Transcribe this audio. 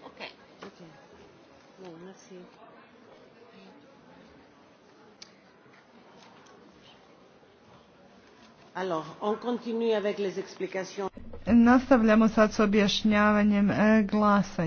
Okay. Okay. No, let's Alors, on continue avec les explications. Nastavljamo sad s objašnjavanjem e, glasa.